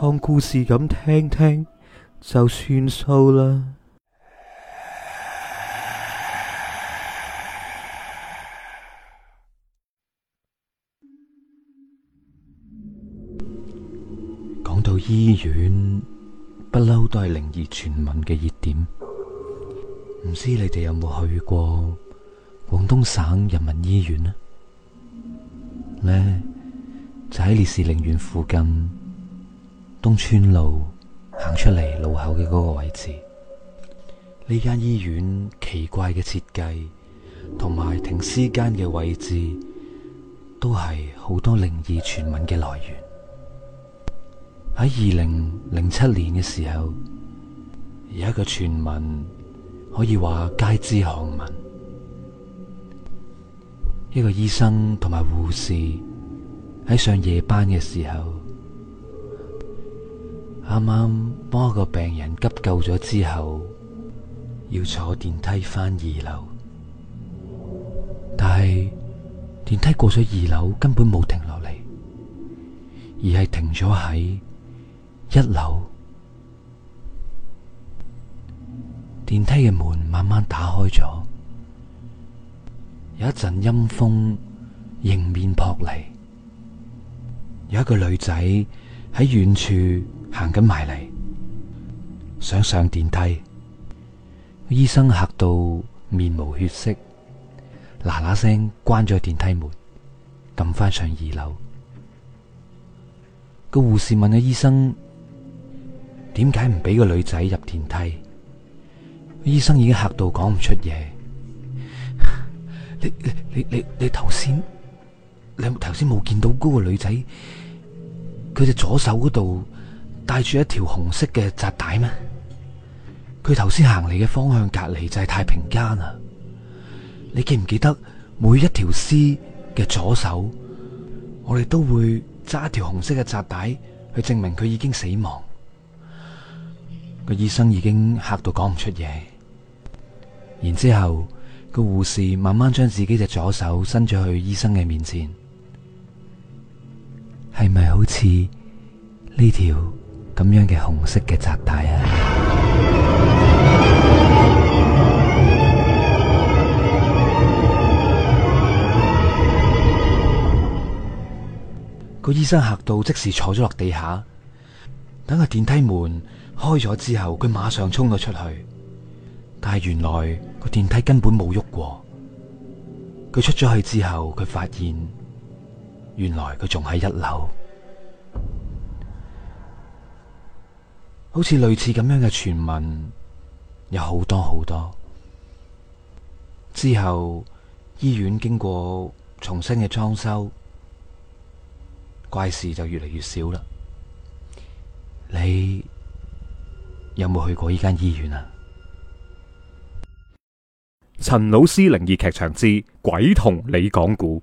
當故事咁聽聽就算數啦。講到醫院，不嬲都係靈異傳聞嘅熱點。唔知你哋有冇去過廣東省人民醫院呢？呢就喺烈士陵園附近。東村路行出嚟，路口嘅嗰個位置，呢間醫院奇怪嘅設計同埋停屍間嘅位置，都係好多靈異傳聞嘅來源。喺二零零七年嘅時候，有一個傳聞可以話街知巷聞，一個醫生同埋護士喺上夜班嘅時候，啱啱幫個病人急救咗之後，要坐電梯返二樓，但係電梯過咗二樓，根本冇停落嚟，而係停咗喺一樓。電梯嘅門慢慢打開咗，有一陣陰風迎面撲嚟，有一個女仔。喺遠處行緊埋嚟，想上電梯。醫生嚇到面無血色，嗱嗱聲關咗電梯門，撳翻上二樓。個護士問個醫生：點解唔俾個女仔入電梯？醫生已經嚇到講唔出嘢。 你你你你頭先，你頭先冇見到嗰個女仔。佢隻左手嗰度戴住一條紅色嘅紮帶咩？佢頭先行嚟嘅方向隔籬就係太平間啦！你記唔記得每一條屍嘅左手，我哋都會揸一條紅色嘅紮帶去證明佢已經死亡。個醫生已經嚇到講唔出嘢，然之後個護士慢慢將自己隻左手伸咗去醫生嘅面前。係咪好似呢條咁樣嘅紅色嘅紮帶啊？個 醫生嚇到即時坐咗落地下，等個電梯門開咗之後，佢馬上衝咗出去。但係原來個電梯根本冇喐過。佢出咗去之後，佢發現。原來佢仲喺一樓，好似類似咁樣嘅傳聞有好多好多。之後醫院經過重新嘅裝修，怪事就越嚟越少啦。你有冇去過呢間醫院啊？陳老師靈異劇場之鬼同你講故。